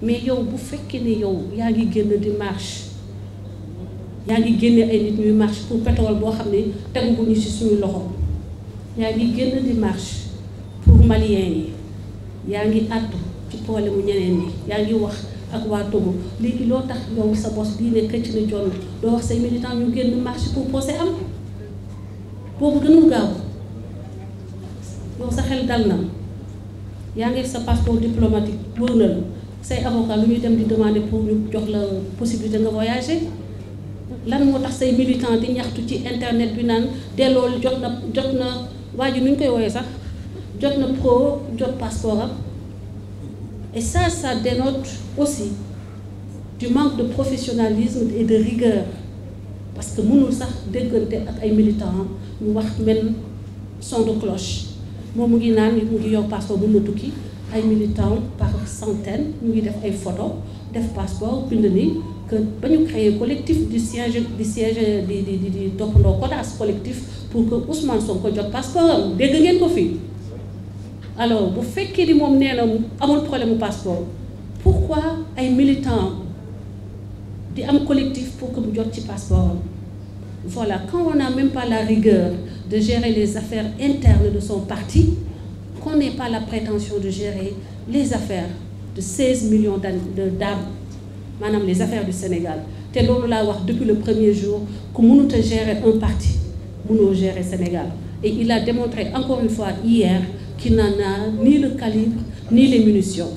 mais yow bu fekkee ni yow yaa ngi génn di marche yaa ngi génne ay nit ñuy marche pour pétrole boo xam ne teguguñu ci suñu loxo yaa ngi génn di marche pour malien yi yaa ngi àddu ci problème mu ñeneen yi yaa ngi wax ak waa Togo léegi loo tax yow sa bos bii ne këcc na jonn doo wax say militant ñu génn marche pour procès am boobu gënul gaaw yow sa xel dal na yaa ngi sa passeport diplomatique wër na la say avocat lu ñuy dem di demander pour ñu jox la possibilité nga voyager lan moo tax say militant di ñaxtu ci internet bi naan delloo jot na jot na waa ji nu ñu koy woowee sax jot na pro jot passeport am et ça ça dénote aussi du manque de professionnalisme et de rigueur parce que mënul sax déggante ak ay militants ñu wax mel son de cloche moom mu ngi naan mu ngi yow passeport mën na tukki ay militants par centaine ñu ngi def ay photo def passeport bind ni que ba ñu créer collectif di siège di siège di di di di toppandoo CODAS collectif pour que soo ko jot passeport am dégg ngeen ko fii alors bu fekkee ni moom nee na amul problème mu passeport pourquoi ay militants di am collectif pour que mu jot ci passeport am voilà quand on même pas la rigueur de gérer les affaires internes de son parti qu'on n'ait pas la prétention de gérer les affaires de 16 millions d'âmes maanaam les affaires du Sénégal te loolu laa wax depuis le premier jour ku mënut a gérer un parti mënoo Sénégal et il a démontré encore une fois hier qu'il n'en a ni le calibre ni les munitions